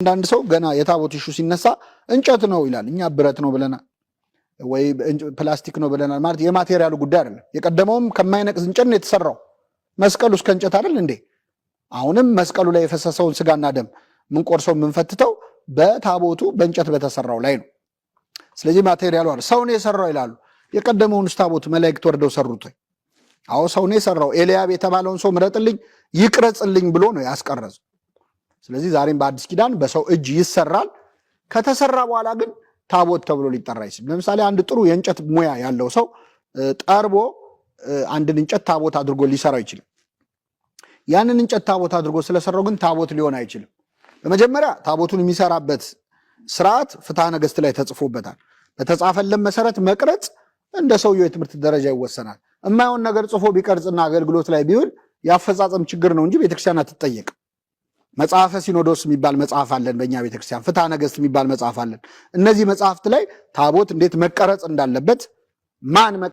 አንዳንድ ሰው ገና የታቦት ሹ ሲነሳ እንጨት ነው ይላል። እኛ ብረት ነው ብለናል ወይ ፕላስቲክ ነው ብለናል። ማለት የማቴሪያሉ ጉዳይ አይደለም። የቀደመውም ከማይነቅዝ እንጨት ነው የተሰራው። መስቀሉ እስከ እንጨት አይደል እንዴ? አሁንም መስቀሉ ላይ የፈሰሰውን ስጋና ደም ምንቆርሰው የምንፈትተው በታቦቱ በእንጨት በተሰራው ላይ ነው። ስለዚህ ማቴሪያሉ አለ ሰው ነው የሰራው ይላሉ። የቀደመውንስ ታቦት መላእክት ወርደው ሰሩት? አዎ ሰው ነው የሰራው። ኤልያብ የተባለውን ሰው ምረጥልኝ ይቅረጽልኝ ብሎ ነው ያስቀረጸው። ስለዚህ ዛሬም በአዲስ ኪዳን በሰው እጅ ይሰራል። ከተሰራ በኋላ ግን ታቦት ተብሎ ሊጠራ አይችልም። ለምሳሌ አንድ ጥሩ የእንጨት ሙያ ያለው ሰው ጠርቦ አንድን እንጨት ታቦት አድርጎ ሊሰራው ይችላል። ያንን እንጨት ታቦት አድርጎ ስለሰራው ግን ታቦት ሊሆን አይችልም። በመጀመሪያ ታቦቱን የሚሰራበት ስርዓት ፍትሐ ነገሥት ላይ ተጽፎበታል። በተጻፈለን መሰረት መቅረጽ እንደ ሰውየው የትምህርት ደረጃ ይወሰናል። እማይሆን ነገር ጽፎ ቢቀርጽና አገልግሎት ላይ ቢውል የአፈጻጸም ችግር ነው እንጂ ቤተክርስቲያን አትጠየቅም። መጽሐፈ ሲኖዶስ የሚባል መጽሐፍ አለን። በእኛ ቤተክርስቲያን ፍትሐ ነገሥት የሚባል መጽሐፍ አለን። እነዚህ መጽሐፍት ላይ ታቦት እንዴት መቀረጽ እንዳለበት ማን